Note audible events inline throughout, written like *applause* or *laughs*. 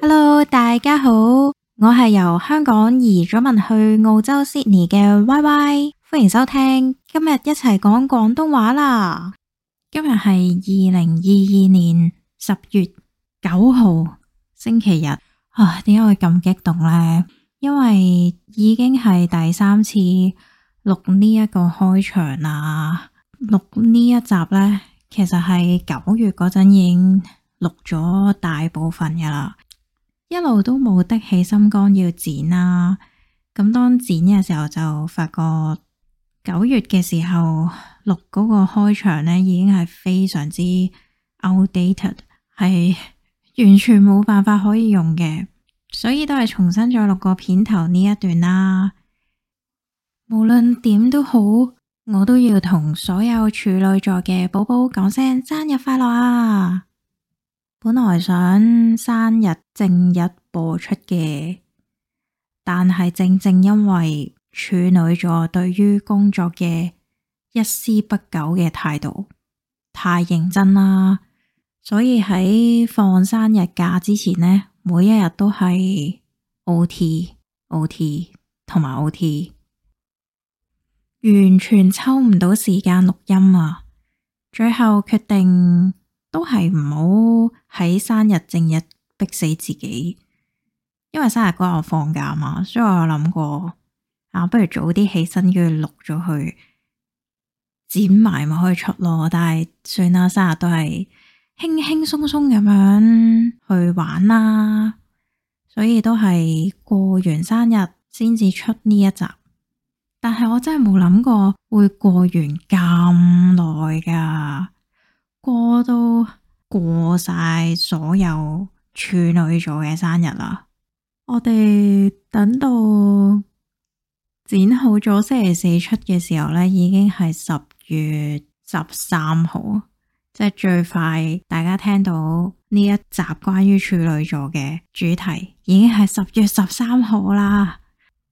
Hello，大家好，我係由香港移咗民去澳洲 Sydney 嘅 Y Y，歡迎收聽今日一齊講廣東話啦。今日係二零二二年十月九號星期日啊，點解會咁激動呢？因為已經係第三次錄呢一個開場啦。錄呢一集呢，其實係九月嗰陣已經錄咗大部分噶啦，一路都冇得起心肝要剪啦。咁當剪嘅時候就發覺九月嘅時候錄嗰個開場呢，已經係非常之 outdated，係完全冇辦法可以用嘅，所以都係重新再錄個片頭呢一段啦。無論點都好。我都要同所有處女座嘅寶寶講聲生日快樂啊！本來想生日正日播出嘅，但係正正因為處女座對於工作嘅一絲不苟嘅態度太認真啦，所以喺放生日假之前呢，每一日都係 OT、OT 同埋 OT。完全抽唔到時間錄音啊！最後決定都係唔好喺生日正日逼死自己，因為生日嗰日我放假嘛，所以我諗過啊，不如早啲起身跟住錄咗去剪埋咪可以出咯。但係算啦，生日都係輕輕鬆鬆咁樣去玩啦，所以都係過完生日先至出呢一集。但係我真係冇諗過會過完咁耐㗎，過到過晒所有處女座嘅生日啦。我哋等到剪好咗星期四出嘅時候呢，已經係十月十三號，即係最快大家聽到呢一集關於處女座嘅主題，已經係十月十三號啦。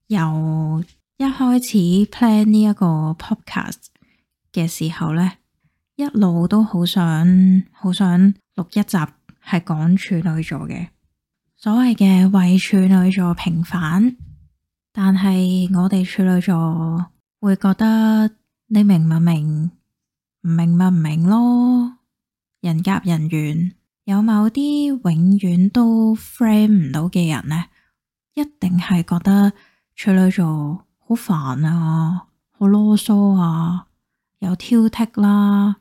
又～一開始 plan 呢一個 podcast 嘅時候呢，一路都好想好想錄一集係講處女座嘅，所謂嘅為處女座平反。但係我哋處女座會覺得，你明唔明？唔明咪唔明咯。人夾人緣，有某啲永遠都 friend 唔到嘅人呢，一定係覺得處女座。好煩啊，好囉嗦啊，又挑剔啦，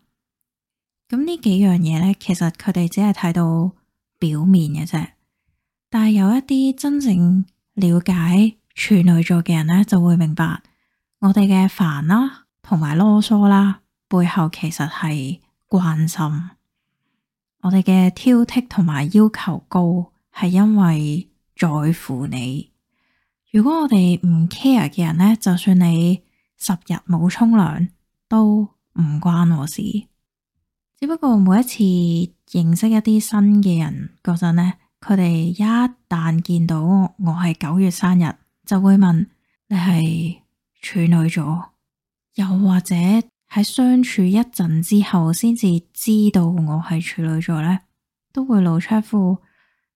咁呢幾樣嘢呢，其實佢哋只係睇到表面嘅啫。但係有一啲真正了解處女座嘅人呢，就會明白我哋嘅煩啦，同埋囉嗦啦，啊，背後其實係關心我哋嘅挑剔同埋要求高，係因為在乎你。如果我哋唔 care 嘅人呢,就算你十日冇沖涼都唔關我事。只不過每一次認識一啲新嘅人嗰陣呢,佢哋一旦見到我係九月生日,就會問你係處女座？又或者喺相處一陣之後,先至知道我係處女座呢,都會露出一副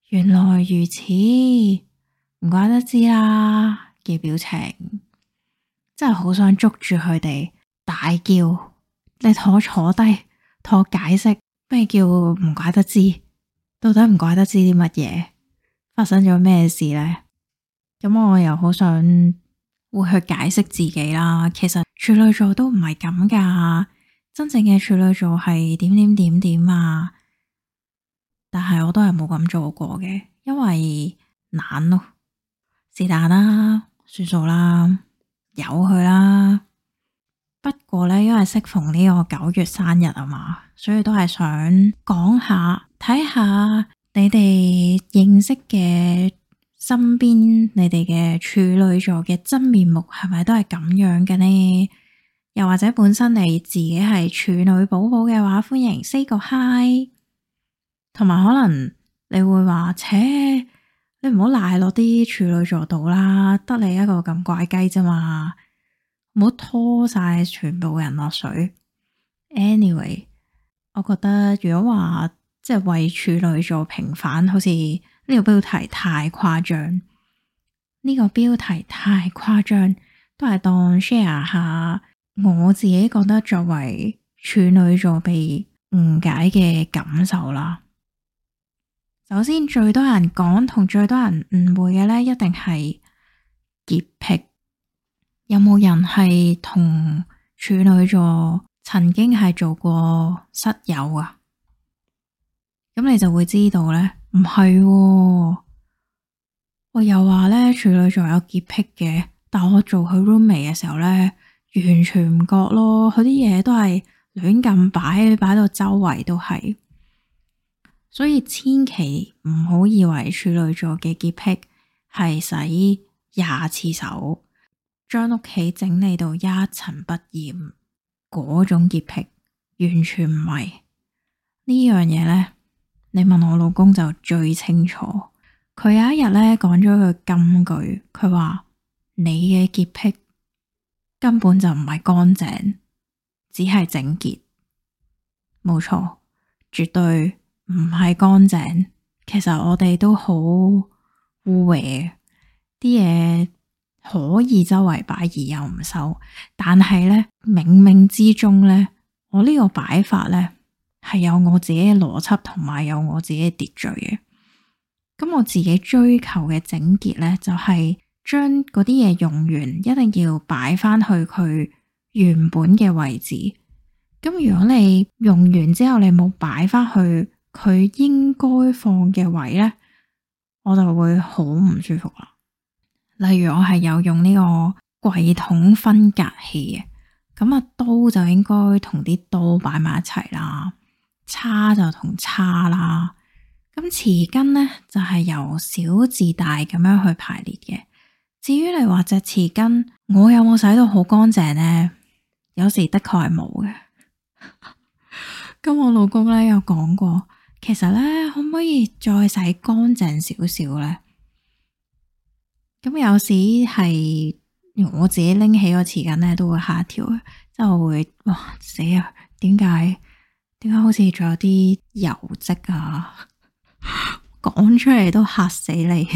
原來如此，唔怪得知啦嘅表情，真係好想捉住佢哋大叫，你同我坐低，同我解釋咩叫「唔怪得知」，到底「唔怪得知」啲乜嘢發生咗咩事咧？咁我又好想會去解釋自己啦。其實處女座都唔係咁噶，真正嘅處女座係點點點點啊！但係我都係冇咁做過嘅，因為懶咯。是但啦，算數啦，由佢啦。不過咧，因為適逢呢個九月生日啊嘛，所以都係想講下，睇下你哋認識嘅身邊，你哋嘅處女座嘅真面目係咪都係咁樣嘅呢？又或者本身你自己係處女寶寶嘅話，歡迎 say 個 hi，同埋可能你會話，切。你唔好賴落啲處女座度啦，得你一個咁怪雞啫嘛，唔好拖晒全部人落水。Anyway，我覺得如果話即係為處女座平反，好似呢個標題太誇張，呢個標題太誇張，都係當 share 下我自己覺得作為處女座被誤解嘅感受啦。首先最多人講同最多人誤會嘅呢，一定係潔癖。有冇人係同處女座曾經係做過室友啊？咁你就會知道呢，唔係、啊、我又話呢，處女座有潔癖嘅，但我做佢 roommate 嘅時候呢，完全唔覺咯，佢啲嘢都係亂咁擺，擺到周圍都係。所以千祈唔好以為處女座嘅潔癖係洗廿次手，將屋企整理到一塵不染嗰種潔癖，完全唔係呢樣嘢，呢，你問我老公就最清楚，佢有一日呢講咗句金句，佢話，你嘅潔癖根本就唔係乾淨，只係整潔，冇錯，絕對。唔係乾淨，其實我哋都好污穢，啲嘢可以周圍擺而又唔收，但係呢，冥冥之中呢，我呢個擺法呢，係有我自己嘅邏輯同埋有我自己嘅秩序嘅。咁我自己追求嘅整潔呢，就係將嗰啲嘢用完一定要擺翻去佢原本嘅位置。咁如果你用完之後你冇擺翻去。佢應該放嘅位咧，我就會好唔舒服啦。例如我係有用呢個櫃桶分隔器嘅，咁啊刀就應該同啲刀擺埋一齊啦，叉就同叉啦。咁匙羹咧就係、是、由小至大咁樣去排列嘅。至於你話隻匙羹，我有冇洗到好乾淨咧？有時的確係冇嘅。咁 *laughs* 我老公咧有講過。其實咧，可唔可以再洗乾淨少少咧？咁有時係我自己拎起個匙羹咧，都會吓一跳，即係會哇死啊！點解？點解好似仲有啲油漬啊？講出嚟都吓死你！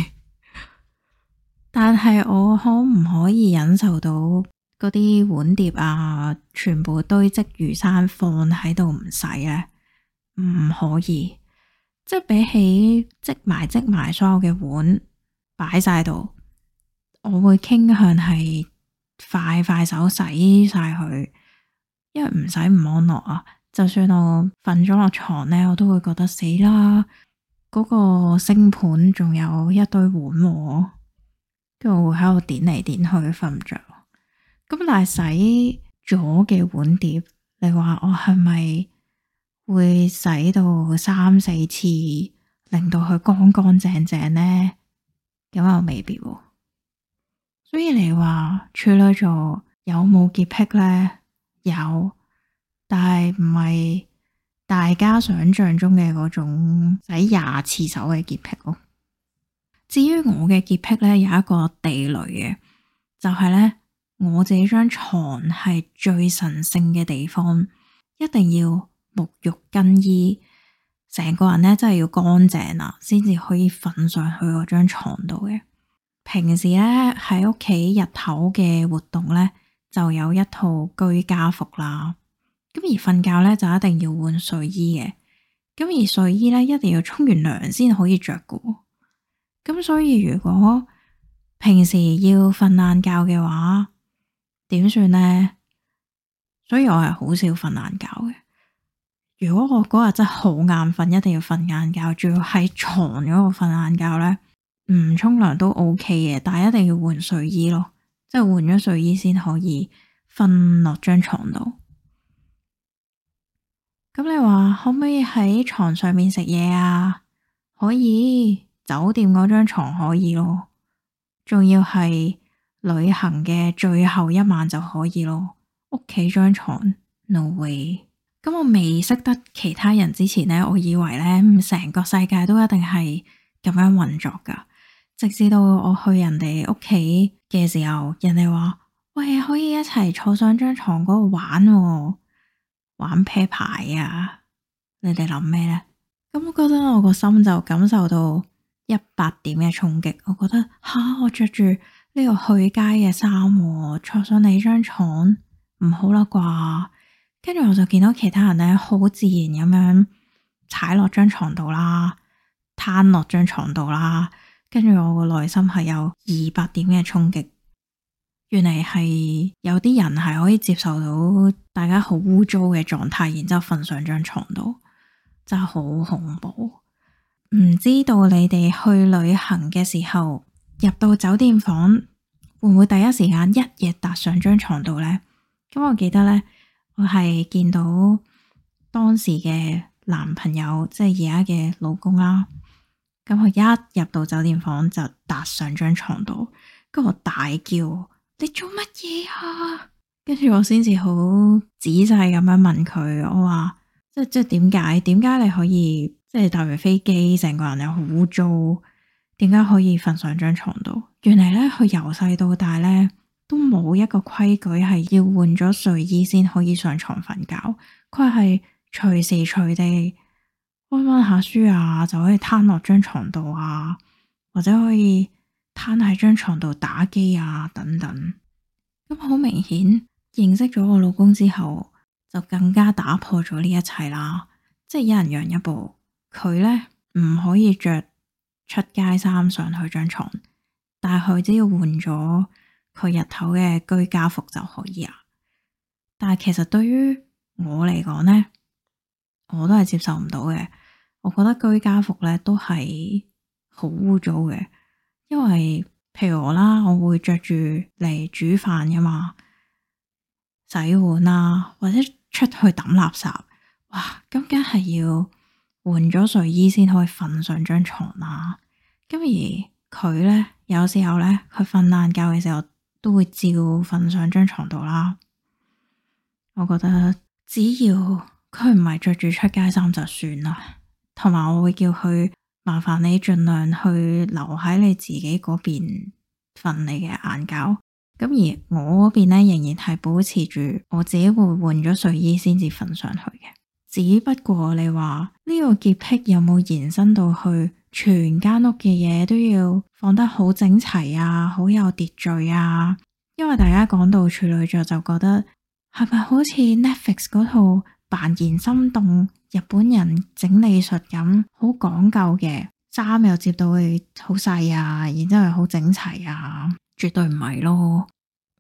*laughs* 但係我可唔可以忍受到嗰啲碗碟啊，全部堆積如山放喺度唔洗咧？唔可以，即係比起積埋積埋所有嘅碗擺晒度，我會傾向係快快手洗晒佢，因為唔使唔安樂啊。就算我瞓咗落床咧，我都會覺得死啦。嗰個星盤仲有一堆碗我，跟住會喺度點嚟點去，瞓唔着。咁但係洗咗嘅碗碟，你話我係咪？會洗到三四次，令到佢乾乾淨淨呢，咁又未必。所以你話處女座有冇潔癖呢？有，但係唔係大家想象中嘅嗰種洗廿次手嘅潔癖咯。至於我嘅潔癖呢，有一個地雷嘅，就係呢：我這張床係最神聖嘅地方，一定要。沐浴更衣，成個人咧，真係要乾淨啦，先至可以瞓上去我張床度嘅。平時咧，喺屋企日頭嘅活動咧，就有一套居家服啦。咁而瞓覺咧，就一定要換睡衣嘅。咁而睡衣咧，一定要沖完涼先可以着㗎。咁所以如果平時要瞓懶覺嘅話，點算呢？所以我係好少瞓懶覺嘅。如果我嗰日真係好眼瞓，一定要瞓晏覺，仲要喺床嗰度瞓晏覺咧，唔沖涼都 OK 嘅，但係一定要換睡衣咯，即係換咗睡衣先可以瞓落張床度。咁你話可唔可以喺床上面食嘢啊？可以，酒店嗰張床可以咯，仲要係旅行嘅最後一晚就可以咯，屋企張床，床 no way。咁我未識得其他人之前呢，我以為呢成個世界都一定係咁樣運作噶。直至到我去人哋屋企嘅時候，人哋話：喂，可以一齊坐上張床嗰度玩、喎、玩啤牌呀、啊，你哋諗咩呢？咁我覺得我個心就感受到一百點嘅衝擊。我覺得吓、啊，我着住呢個去街嘅衫、喎，坐上你張床唔好啦啩。跟住我就見到其他人咧，好自然咁樣踩落張床度啦，攤落張床度啦。跟住我個內心係有二百點嘅衝擊，原嚟係有啲人係可以接受到大家好污糟嘅狀態，然之後瞓上張床度，真係好恐怖。唔知道你哋去旅行嘅時候，入到酒店房會唔會第一時間一夜搭上張床度呢？咁我記得呢。我係見到當時嘅男朋友，即係而家嘅老公啦。咁佢一入到酒店房就搭上張床度，跟我大叫：你做乜嘢啊？跟住我先至好仔細咁樣問佢，我話即係即係點解？點解你可以即係搭完飛機，成個人又好污糟？點解可以瞓上張床度？原嚟咧，佢由細到大咧。都冇一個規矩係要換咗睡衣先可以上床瞓覺，佢係隨時隨地溫溫下書啊，就可以攤落張床度啊，或者可以攤喺張床度打機啊等等。咁好明顯，認識咗我老公之後，就更加打破咗呢一切啦。即係一人讓一步，佢呢唔可以着出街衫上去張床，但係佢只要換咗。佢日頭嘅居家服就可以啦，但係其實對於我嚟講咧，我都係接受唔到嘅。我覺得居家服咧都係好污糟嘅，因為譬如我啦，我會着住嚟煮飯啊嘛，洗碗啊，或者出去抌垃圾，哇，咁梗係要換咗睡衣先可以瞓上張床啦、啊。咁而佢咧，有時候咧，佢瞓晏覺嘅時候。都會照瞓上張床度啦，我覺得只要佢唔係着住出街衫就算啦，同埋我會叫佢，麻煩你盡量去留喺你自己嗰邊瞓你嘅晏覺，咁而我嗰邊呢，仍然係保持住我自己會換咗睡衣先至瞓上去嘅，只不過你話，呢個潔癖有冇延伸到去？全間屋嘅嘢都要放得好整齊啊，好有秩序啊。因為大家講到處女座就覺得係咪好似 Netflix 嗰套《怦然心動》，日本人整理術咁好講究嘅，衫又摺到佢好細啊，然之後又好整齊啊，絕對唔係咯。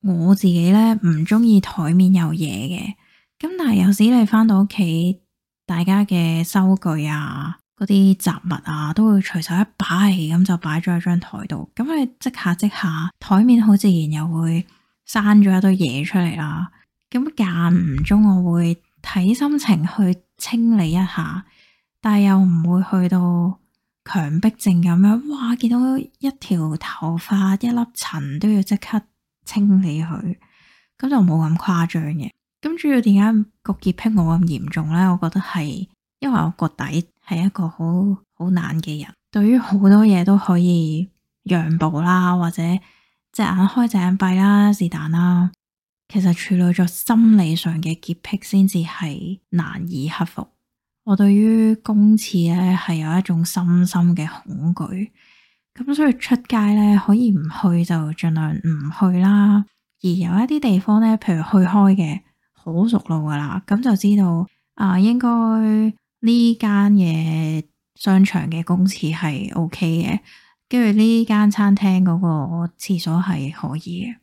我自己呢，唔中意枱面有嘢嘅，咁但係有時你返到屋企，大家嘅收據啊。嗰啲雜物啊，都會隨手一擺咁就擺咗喺張台度。咁你積下積下，台面好自然又會生咗一堆嘢出嚟啦。咁間唔中，我會睇心情去清理一下，但係又唔會去到強迫症咁樣。哇！見到一條頭髮、一粒塵都要即刻清理佢，咁就冇咁誇張嘅。咁主要點解個潔癖冇咁嚴重呢？我覺得係因為我個底。係一個好好懶嘅人，對於好多嘢都可以讓步啦，或者隻眼開隻眼閉啦，是但啦。其實處女座心理上嘅潔癖，先至係難以克服。我對於公廁咧係有一種深深嘅恐懼，咁所以出街咧可以唔去就盡量唔去啦。而有一啲地方咧，譬如去開嘅好熟路噶啦，咁就知道啊、呃、應該。呢間嘅商場嘅公廁係 OK 嘅，跟住呢間餐廳嗰個廁所係可以嘅。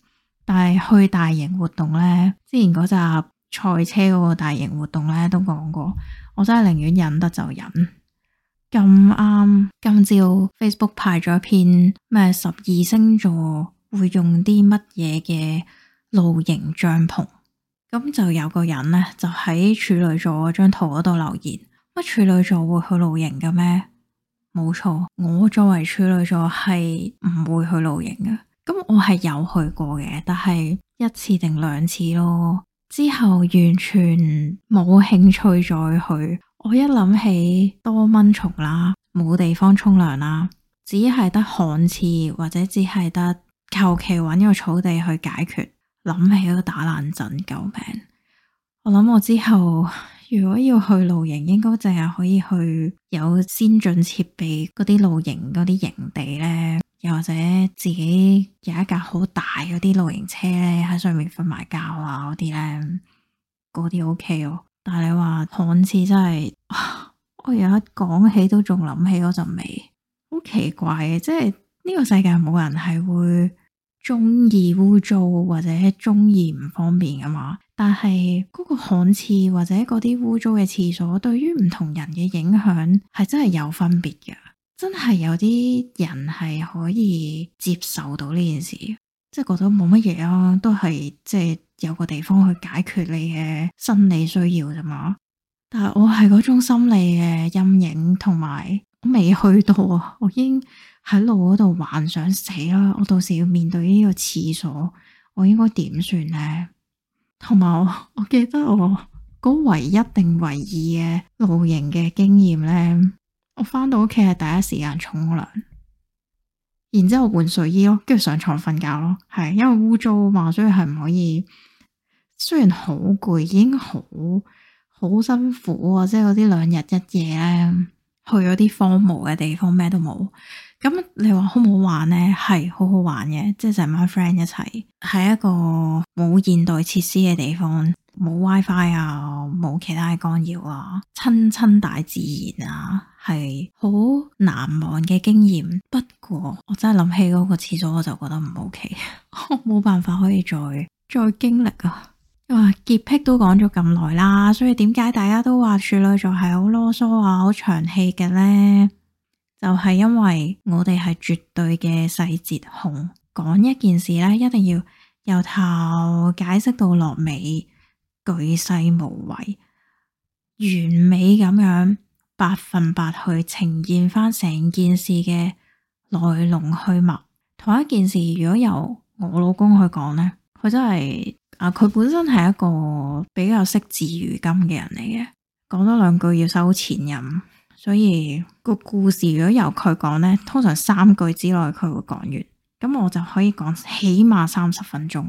但係去大型活動呢，之前嗰集賽車嗰個大型活動呢都講過，我真係寧願忍得就忍。咁啱今朝 Facebook 派咗一篇咩十二星座會用啲乜嘢嘅露營帳篷，咁就有個人呢，就喺處女座嗰張圖嗰度留言。乜處女座會去露營嘅咩？冇錯，我作為處女座係唔會去露營嘅。咁我係有去過嘅，但係一次定兩次咯。之後完全冇興趣再去。我一諗起多蚊蟲啦，冇地方沖涼啦，只係得旱廁或者只係得求其搵個草地去解決。諗起都打冷震，救命！我諗我之後如果要去露營，應該淨係可以去有先進設備嗰啲露營嗰啲營地咧，又或者自己有一架好大嗰啲露營車咧，喺上面瞓埋覺啊，嗰啲咧，嗰啲 OK 哦。但係你話旱廁真係，我而家講起都仲諗起嗰陣味，好奇怪嘅，即係呢個世界冇人係會。中意污糟或者中意唔方便㗎嘛，但係嗰個旱廁或者嗰啲污糟嘅廁所，對於唔同人嘅影響係真係有分別嘅，真係有啲人係可以接受到呢件事，即係覺得冇乜嘢啊，都係即係有個地方去解決你嘅生理需要啫嘛。但係我係嗰種心理嘅陰影同埋。我未去到啊！我已經喺路嗰度幻想死啦！我到時要面對呢個廁所，我應該點算呢？同埋我，我記得我嗰、那個、唯一定唯二嘅露營嘅經驗呢。我翻到屋企係第一時間沖涼，然之後換睡衣咯，跟住上床瞓覺咯，係因為污糟啊嘛，所以係唔可以。雖然好攰，已經好好辛苦啊，即係嗰啲兩日一夜咧。去咗啲荒蕪嘅地方咩都冇，咁你話好唔好玩呢？係好好玩嘅，即係成班 friend 一齊喺一個冇現代設施嘅地方，冇 WiFi 啊，冇其他干擾啊，親親大自然啊，係好難忘嘅經驗。不過我真係諗起嗰個廁所，我就覺得唔 OK， *laughs* 我冇辦法可以再再經歷啊！哇！潔、哦、癖都講咗咁耐啦，所以點解大家都話處女座係好囉嗦啊，好長氣嘅呢？就係、是、因為我哋係絕對嘅細節控，講一件事呢，一定要由頭解釋到落尾，巨細無遺，完美咁樣百分百去呈現翻成件事嘅來龍去脈。同一件事，如果由我老公去講呢，佢真係。啊！佢本身係一個比較惜字如金嘅人嚟嘅，講多兩句要收錢飲，所以個故事如果由佢講呢，通常三句之內佢會講完，咁我就可以講起碼三十分鐘。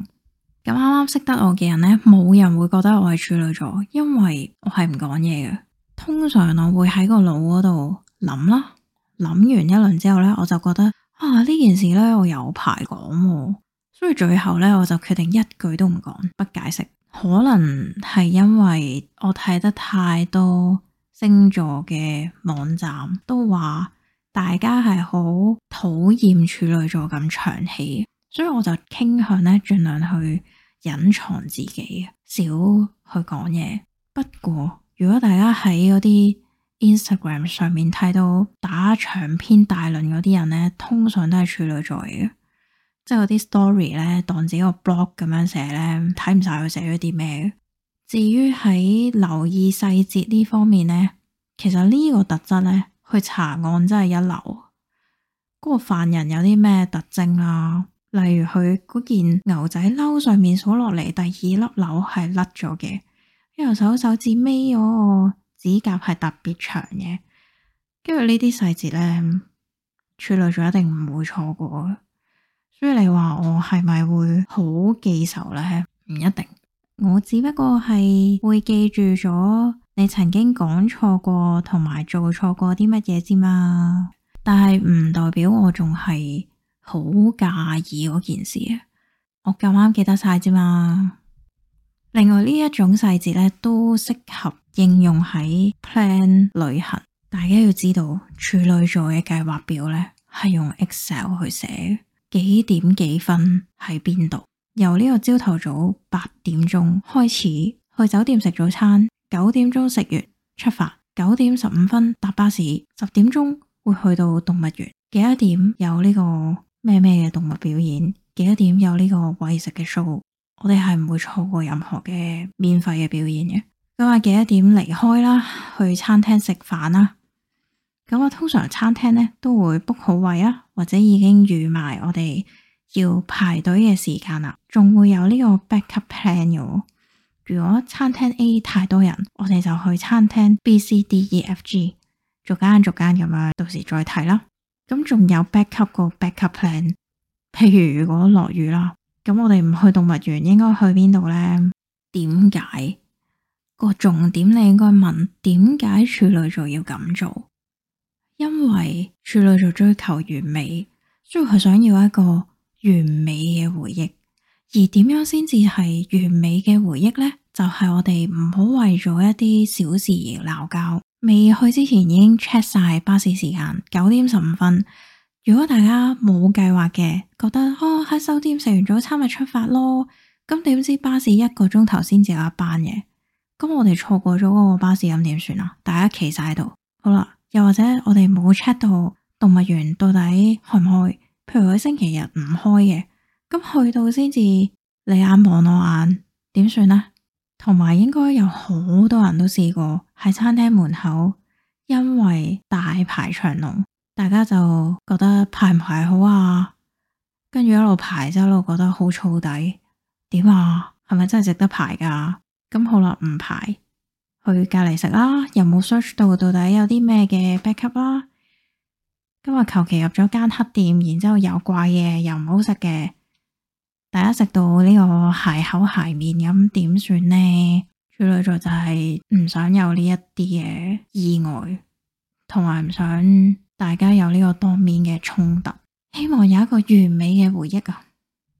咁啱啱識得我嘅人呢，冇人會覺得我係處女座，因為我係唔講嘢嘅。通常我會喺個腦嗰度諗啦，諗完一輪之後呢，我就覺得啊，呢件事呢，我有排講，啊。所以最後咧，我就決定一句都唔講，不解釋。可能係因為我睇得太多星座嘅網站，都話大家係好討厭處女座咁長氣，所以我就傾向咧盡量去隱藏自己，少去講嘢。不過如果大家喺嗰啲 Instagram 上面睇到打長篇大論嗰啲人咧，通常都係處女座嚟嘅。即係嗰啲 story 咧，當自己個 blog 咁樣寫咧，睇唔晒佢寫咗啲咩。至於喺留意細節呢方面咧，其實呢個特質咧，去查案真係一流。嗰個犯人有啲咩特徵啊？例如佢嗰件牛仔褸上面數落嚟第二粒鈕係甩咗嘅，右手手指尾嗰個指甲係特別長嘅。跟住呢啲細節咧，處女座一定唔會錯過。所以你話我係咪會好記仇呢？唔一定，我只不過係會記住咗你曾經講錯過同埋做錯過啲乜嘢之嘛，但係唔代表我仲係好介意嗰件事啊！我咁啱記得晒之嘛。另外呢一種細節咧，都適合應用喺 plan 旅行。大家要知道，處女座嘅計劃表咧，係用 Excel 去寫嘅幾點幾分喺邊度？由呢個朝頭早八點鐘開始去酒店食早餐，九點鐘食完出發，九點十五分搭巴士，十點鐘會去到動物園。幾多點有呢個咩咩嘅動物表演？幾多點有呢個餵食嘅 show？我哋係唔會錯過任何嘅免費嘅表演嘅。咁啊，幾多點離開啦？去餐廳食飯啦？咁啊，通常餐廳呢都會 book 好位啊。或者已經預埋我哋要排隊嘅時間啦,仲會有呢個 backup plan 嘅。如果餐廳 A 太多人，我哋就去餐廳 B、C、D、E、F、G，逐間逐間咁樣，到時再睇啦。咁仲有 backup 個 backup plan，譬如如果落雨啦，咁我哋唔去動物園，應該去邊度呢？點解？個重點你應該問點解處女座要咁做？因為處女座追求完美，所以佢想要一個完美嘅回憶。而點樣先至係完美嘅回憶呢？就係、是、我哋唔好為咗一啲小事而鬧交。未去之前已經 check 晒巴士時間，九點十五分。如果大家冇計劃嘅，覺得哦，喺酒店食完早餐咪出發咯，咁點知巴士一個鐘頭先至有一班嘅？咁我哋錯過咗嗰個巴士，咁點算啊？大家企晒喺度，好啦。又或者我哋冇 check 到動物園到底開唔開？譬如佢星期日唔開嘅，咁去到先至你眼望我眼，點算呢？同埋應該有好多人都試過喺餐廳門口，因為大排長龍，大家就覺得排唔排好啊？跟住一路排，就一路覺得好燥底，點啊？係咪真係值得排噶？咁好啦，唔排。去隔籬食啦，又冇 search 到到底有啲咩嘅 backup 啦。今日求其入咗間黑店，然之後有怪嘢，又唔好食嘅，大家食到呢個鞋口鞋面咁，點算呢？處女座就係唔想有呢一啲嘅意外，同埋唔想大家有呢個當面嘅衝突，希望有一個完美嘅回憶啊！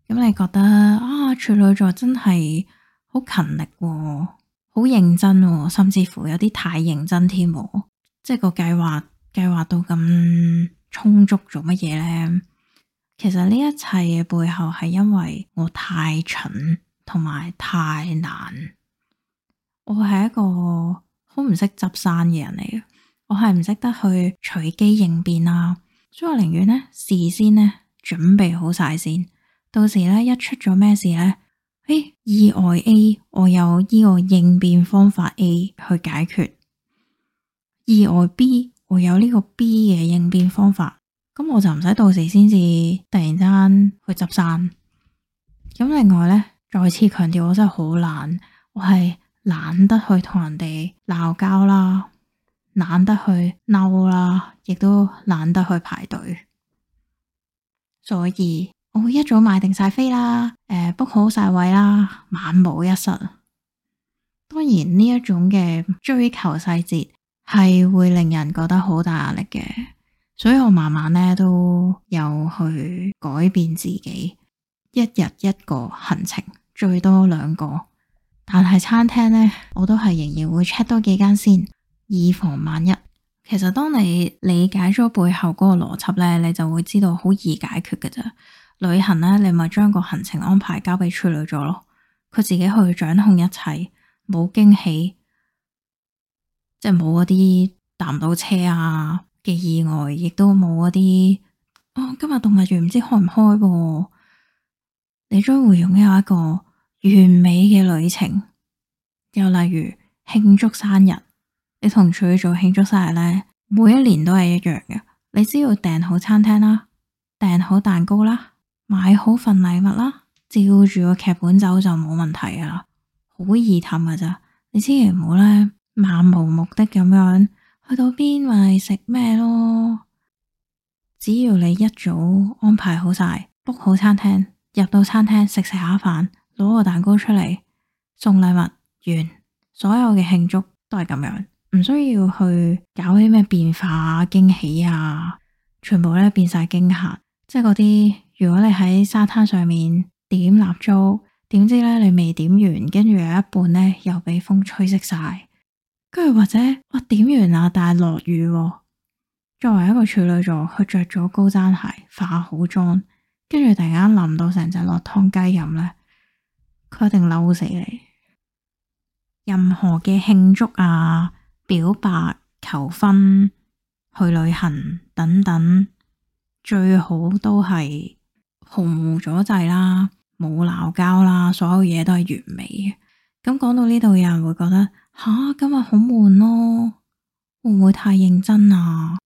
咁你覺得啊？處女座真係好勤力，啊。好認真哦，甚至乎有啲太認真添，即係個計劃計劃到咁充足，做乜嘢呢？其實呢一切嘅背後係因為我太蠢同埋太難，我係一個好唔識執生嘅人嚟嘅，我係唔識得去隨機應變啦，所以我寧願咧事先咧準備好晒先，到時呢一出咗咩事呢。哎、意外 A，我有呢個應變方法 A 去解決；意外 B，我有呢個 B 嘅應變方法。咁我就唔使到時先至突然之間去執散。咁另外呢，再次強調，我真係好懶，我係懶得去同人哋鬧交啦，懶得去嬲啦，亦都懶得去排隊。所以。我會一早買定晒飛啦，誒，呃，book 好晒位啦，萬無一失。當然呢一種嘅追求細節係會令人覺得好大壓力嘅，所以我慢慢咧都有去改變自己，一日一個行程，最多兩個。但係餐廳呢，我都係仍然會 check 多幾間先，以防萬一。其實當你理解咗背後嗰個邏輯呢，你就會知道好易解決嘅咋。旅行咧，你咪將個行程安排交俾處女座咯，佢自己去掌控一切，冇驚喜，即係冇嗰啲搭唔到車啊嘅意外，亦都冇嗰啲哦，今日動物園唔知開唔開噃，啊，啊，你將會擁有一個完美嘅旅程。又例如慶祝生日，你同處女座慶祝生日咧，每一年都係一樣嘅，你只要訂好餐廳啦，訂好蛋糕啦。買好份禮物啦，照住個劇本走就冇問題噶啦，好易氹噶咋。你千祈唔好咧，漫無目的咁樣去到邊咪食咩咯？只要你一早安排好晒，book 好餐廳，入到餐廳食食下飯，攞個蛋糕出嚟送禮物，完，所有嘅慶祝都係咁樣，唔需要去搞啲咩變化驚喜啊，全部咧變晒驚嚇，即係嗰啲。如果你喺沙灘上面點蠟燭。點知咧，你未點完，跟住有一半咧又俾風吹熄晒，跟住或者哇點完啦，但係落雨。作為一個處女座，佢着咗高踭鞋，化好妝，跟住突然間淋到成隻落湯雞咁咧，佢一定嬲死你。任何嘅慶祝啊、表白、求婚、去旅行等等，最好都係。毫無阻滯啦，冇鬧交啦，所有嘢都係完美嘅。咁講到呢度，有人會覺得吓、啊，今日好悶咯，會唔會太認真啊？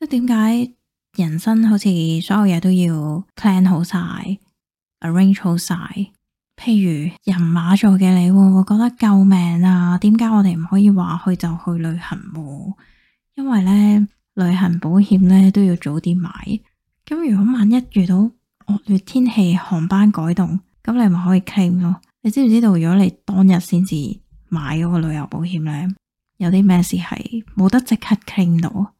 即係點解人生好似所有嘢都要 plan 好晒，arrange 好晒？譬如人馬座嘅你，會唔會覺得救命啊？點解我哋唔可以話去就去旅行、啊？因為咧，旅行保險咧都要早啲買。咁如果萬一遇到，惡劣天氣，航班改動，咁你咪可以 claim 咯。你知唔知道如果你當日先至買嗰個旅遊保險呢，有啲咩事係冇得即刻 claim 到？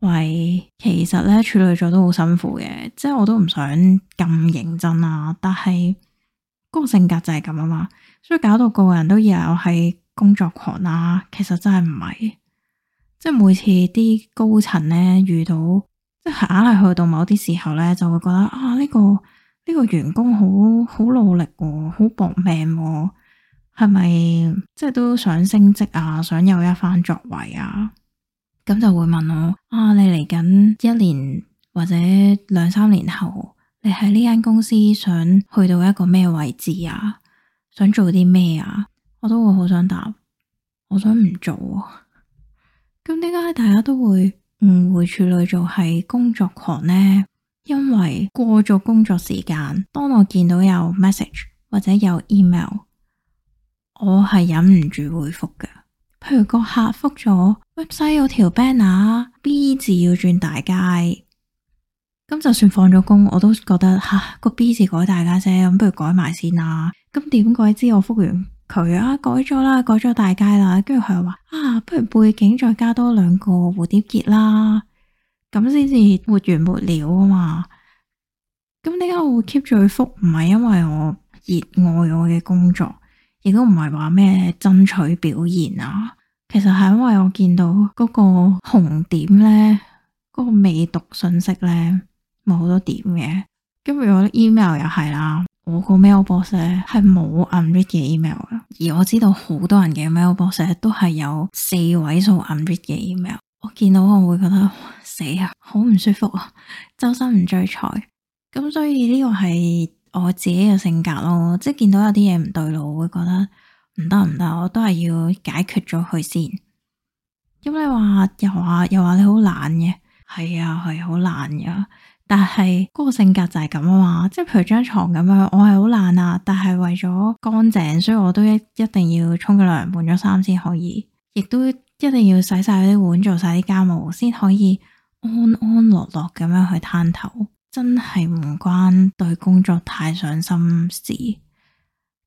喂，其實呢，處女座都好辛苦嘅，即係我都唔想咁認真啊，但係嗰、嗰個性格就係咁啊嘛，所以搞到個個人都以為我係工作狂啊，其實真係唔係，即係每次啲高層呢遇到。即係硬係去到某啲時候咧，就會覺得啊，呢、這個呢、這個員工好好努力，啊，好搏命，啊，係咪即係都想升職啊，想有一番作為啊？咁就會問我啊，你嚟緊一年或者兩三年後，你喺呢間公司想去到一個咩位置啊？想做啲咩啊？我都會好想答，我想唔做，啊。咁點解大家都會？誤會處女座係工作狂呢，因為過咗工作時間，當我見到有 message 或者有 email，我係忍唔住回覆嘅。譬如個客覆咗 website 有條 banner，B 字要轉大街，咁就算放咗工，我都覺得吓個、啊、B 字改大家啫，咁不如改埋先啦。咁點鬼知我覆完？佢啊，改咗啦，改咗大街啦，跟住佢又話啊，不如背景再加多兩個蝴蝶結啦，咁先至沒完沒了啊嘛。咁點解我會 keep 住去覆？唔係因為我熱愛我嘅工作，亦都唔係話咩爭取表現啊。其實係因為我見到嗰個紅點咧，嗰個未讀信息咧冇好多點嘅，跟住我 email 又係啦。我個 mail 博 o x 係冇 unread 嘅 email 的，而我知道好多人嘅 mail 博 o 都係有四位數 unread 嘅 email，我見到我會覺得死啊，好唔舒服啊，周身唔聚財，咁所以呢個係我自己嘅性格咯，即係見到有啲嘢唔對路，我會覺得唔得唔得，我都係要解決咗佢先。咁你話又話又話你好懶嘅，係啊係好懶噶。但係嗰個性格就係咁啊嘛，即係譬如張床咁樣，我係好懶啊，但係為咗乾淨，所以我都一一定要沖個涼，換咗衫先可以，亦都一定要洗晒啲碗，做晒啲家務先可以安安樂樂咁樣去攤頭，真係唔關對工作太上心事。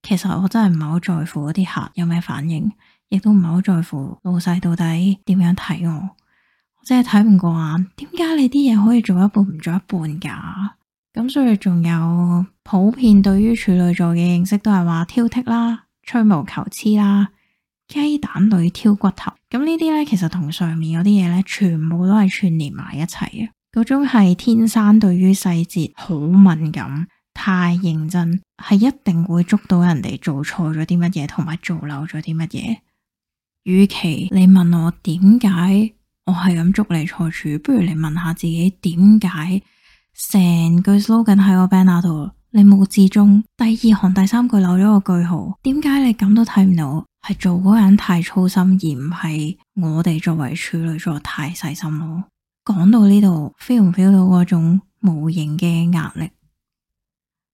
其實我真係唔係好在乎啲客有咩反應，亦都唔係好在乎老細到底點樣睇我。即係睇唔過眼，點解你啲嘢可以做一半唔做一半噶？咁所以仲有普遍對於處女座嘅認識都係話挑剔啦、吹毛求疵啦、雞蛋裏挑骨頭。咁呢啲呢，其實同上面嗰啲嘢呢，全部都係串聯埋一齊嘅。嗰種係天生對於細節好敏感、太認真，係一定會捉到人哋做錯咗啲乜嘢，同埋做漏咗啲乜嘢。與其你問我點解？我係咁捉你錯處，不如你問下自己，點解成句 slogan 喺我 banner 度，你無意中第二行第三句漏咗個句號？點解你咁都睇唔到？係做嗰人太粗心，而唔係我哋作為處女座太細心咯。講到呢度，feel 唔 feel 到嗰種無形嘅壓力？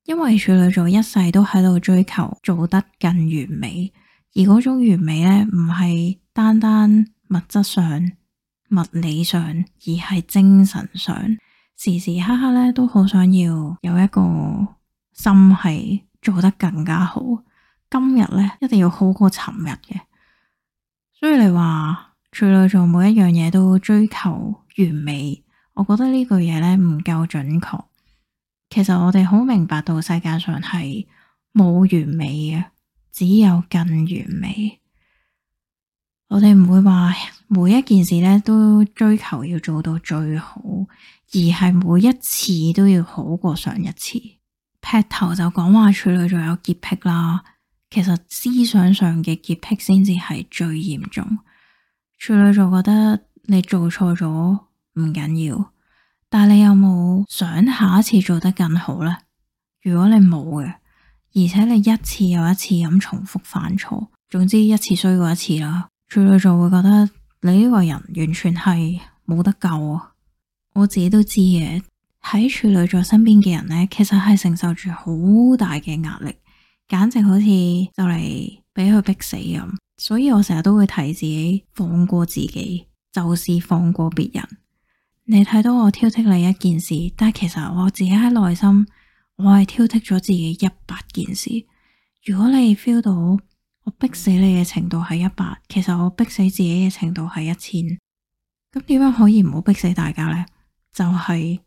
因為處女座一世都喺度追求做得更完美，而嗰種完美呢，唔係單單物質上。物理上，而係精神上，時時刻刻咧都好想要有一個心係做得更加好。今日咧一定要好過尋日嘅，所以你話處女座每一樣嘢都追求完美，我覺得呢句嘢咧唔夠準確。其實我哋好明白到世界上係冇完美嘅，只有更完美。我哋唔會話每一件事咧都追求要做到最好，而係每一次都要好過上一次。劈頭就講話處女座有潔癖啦，其實思想上嘅潔癖先至係最嚴重。處女座覺得你做錯咗唔緊要，但係你有冇想下一次做得更好呢？如果你冇嘅，而且你一次又一次咁重複犯錯，總之一次衰過一次啦。處女座會覺得你呢個人完全係冇得救啊。我自己都知嘅。喺處女座身邊嘅人呢，其實係承受住好大嘅壓力，簡直好似就嚟俾佢逼死咁。所以我成日都會提自己放過自己，就是放過別人。你睇到我挑剔你一件事，但係其實我自己喺內心，我係挑剔咗自己一百件事。如果你 feel 到。我逼死你嘅程度係一百，其實我逼死自己嘅程度係一千。咁點樣可以唔好逼死大家呢？就係、是、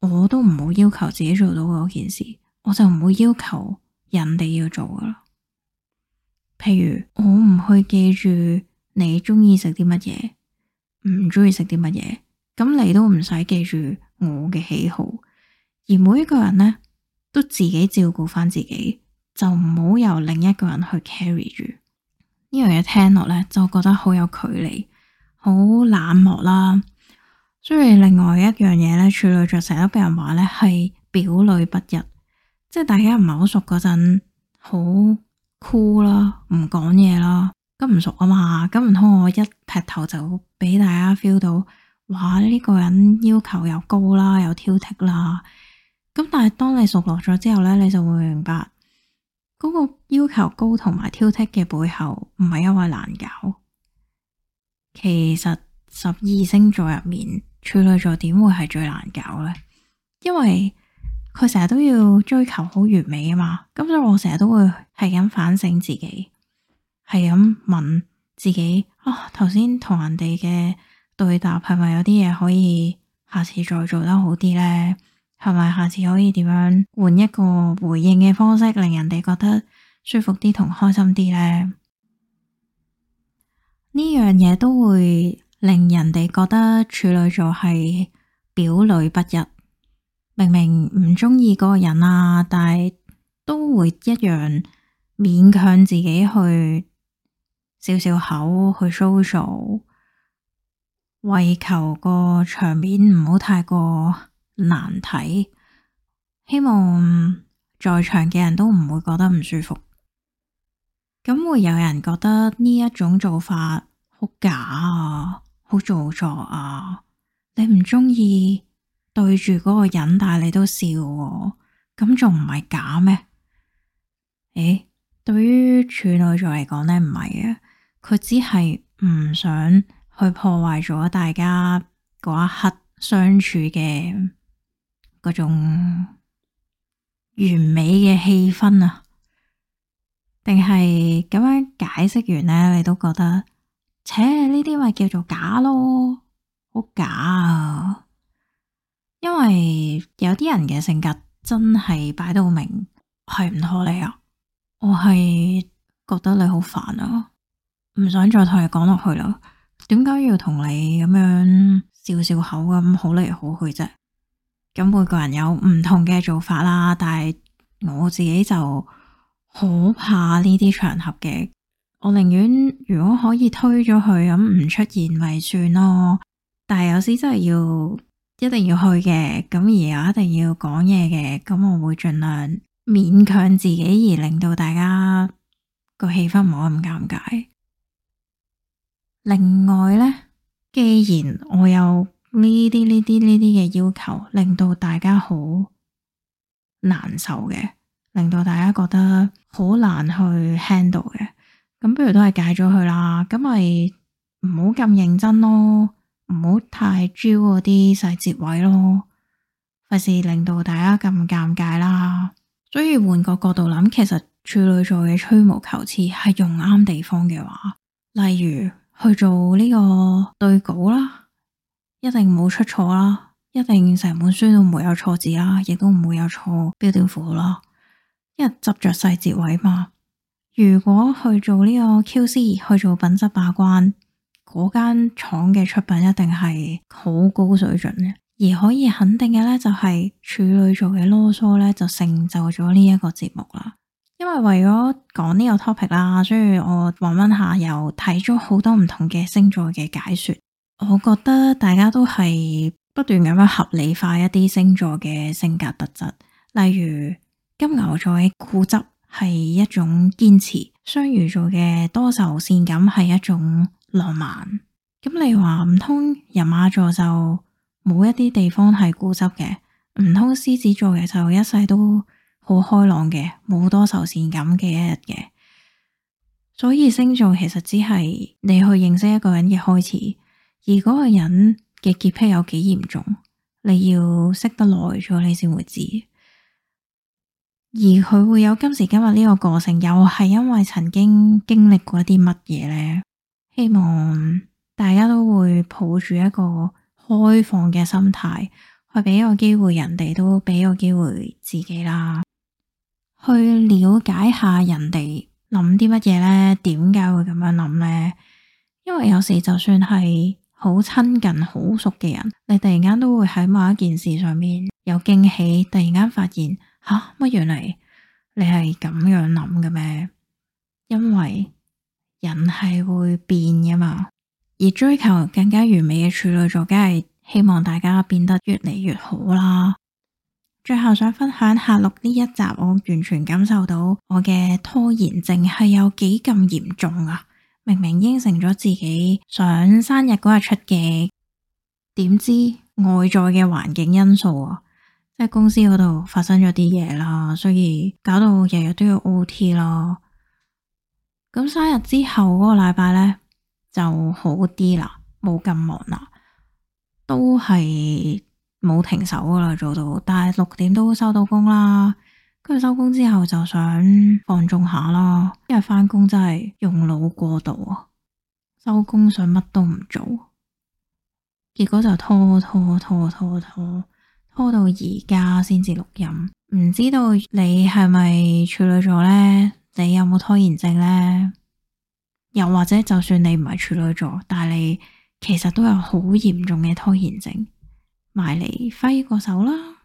我都唔好要求自己做到嗰件事，我就唔會要，要求人哋要做噶啦。譬如，我唔去記住你中意食啲乜嘢，唔中意食啲乜嘢，咁你都唔使記住我嘅喜好。而每一個人呢，都自己照顧翻自己。就唔好由另一個人去 carry 住呢樣嘢，聽落咧就覺得好有距離，好冷漠啦。所以另外一樣嘢咧，處女座成日都俾人話咧係表裏不一，即係大家唔係好熟嗰陣好 cool 啦，唔講嘢啦，咁唔熟啊嘛，咁唔通我一劈頭就俾大家 feel 到，哇，呢個人要求又高啦，又挑剔啦。咁但係當你熟落咗之後咧，你就會明白。嗰個要求高同埋挑剔嘅背後，唔係因為難搞，其實十二星座入面處女座點會係最難搞呢？因為佢成日都要追求好完美啊嘛，咁所以我成日都會係咁反省自己，係咁問自己：「啊，頭先同人哋嘅對答係咪有啲嘢可以下次再做得好啲呢？」係咪下次可以點樣換一個回應嘅方式，令人哋覺得舒服啲同開心啲呢？呢樣嘢都會令人哋覺得處女座係表裏不一，明明唔中意嗰個人啊，但係都會一樣勉強自己去笑笑口去 social，為求個場面唔好太過。難睇，希望在場嘅人都唔會覺得唔舒服。咁會有人覺得呢一種做法好假啊，好做作啊？你唔中意對住嗰個人，但係你都笑啊，咁仲唔係假咩？誒、欸，對於處女座嚟講呢唔係啊，佢只係唔想去破壞咗大家嗰一刻相處嘅。嗰種完美嘅氣氛啊，定係咁樣解釋完呢？你都覺得切，呢啲咪叫做假咯，好假啊！因為有啲人嘅性格真係擺到明，係唔妥你啊。我係覺得你好煩啊，唔想再同你講落去咯。點解要同你咁樣笑笑口咁好嚟好去啫？咁每個人有唔同嘅做法啦，但係我自己就好怕呢啲場合嘅，我寧願如果可以推咗去，咁唔出現咪算咯。但係有時真係要一定要去嘅，咁而又一定要講嘢嘅，咁我會盡量勉強自己，而令到大家個氣氛唔好咁尷尬。另外呢，既然我有……呢啲呢啲呢啲嘅要求，令到大家好難受嘅，令到大家覺得好難去 handle 嘅。咁不如都係戒咗佢啦，咁咪唔好咁認真咯，唔好太招嗰啲細節位咯，費事令到大家咁尷尬啦。所以換個角度諗，其實處女座嘅吹毛求疵係用啱地方嘅話，例如去做呢個對稿啦。一定冇出錯啦，一定成本書都冇有錯字啦，亦都唔會有錯標點符號啦。因為執着細節位嘛，如果去做呢個 QC，去做品質把關，嗰間廠嘅出品一定係好高水準嘅。而可以肯定嘅呢、就是，就係處女座嘅囉嗦呢，就成就咗呢一個節目啦。因為為咗講呢個 topic 啦，所以我問問下，又睇咗好多唔同嘅星座嘅解說。我覺得大家都係不斷咁樣合理化一啲星座嘅性格特質，例如金牛座嘅固執係一種堅持，雙魚座嘅多愁善感係一種浪漫。咁你話唔通人馬座就冇一啲地方係固執嘅？唔通獅子座嘅就一世都好開朗嘅，冇多愁善感嘅一日嘅？所以星座其實只係你去認識一個人嘅開始。而嗰個人嘅潔癖有幾嚴重，你要識得耐咗，你先會知。而佢會有今時今日呢個個性，又係因為曾經經歷過一啲乜嘢呢？希望大家都會抱住一個開放嘅心態，去俾個機會人哋，都俾個機會自己啦，去了解下人哋諗啲乜嘢呢？點解會咁樣諗呢？因為有時就算係好親近、好熟嘅人，你突然間都會喺某一件事上面有驚喜，突然間發現吓乜、啊、原來你係咁樣諗嘅咩？因為人係會變噶嘛，而追求更加完美嘅處女座，梗係希望大家變得越嚟越好啦。最後想分享下錄呢一集，我完全感受到我嘅拖延症係有幾咁嚴重啊！明明應承咗自己想生日嗰日出嘅，點知外在嘅環境因素啊，即係公司嗰度發生咗啲嘢啦，所以搞到日日都要 OT 咯。咁生日之後嗰個禮拜呢，就好啲啦，冇咁忙啦，都係冇停手噶啦，做到，但係六點都收到工啦。跟住收工之後就想放縱下啦，因為返工真係用腦過度啊，收工想乜都唔做，結果就拖拖拖拖拖拖，拖到而家先至錄音。唔知道你係咪處女座呢？你有冇拖延症呢？又或者就算你唔係處女座，但係你其實都有好嚴重嘅拖延症，埋嚟揮個手啦～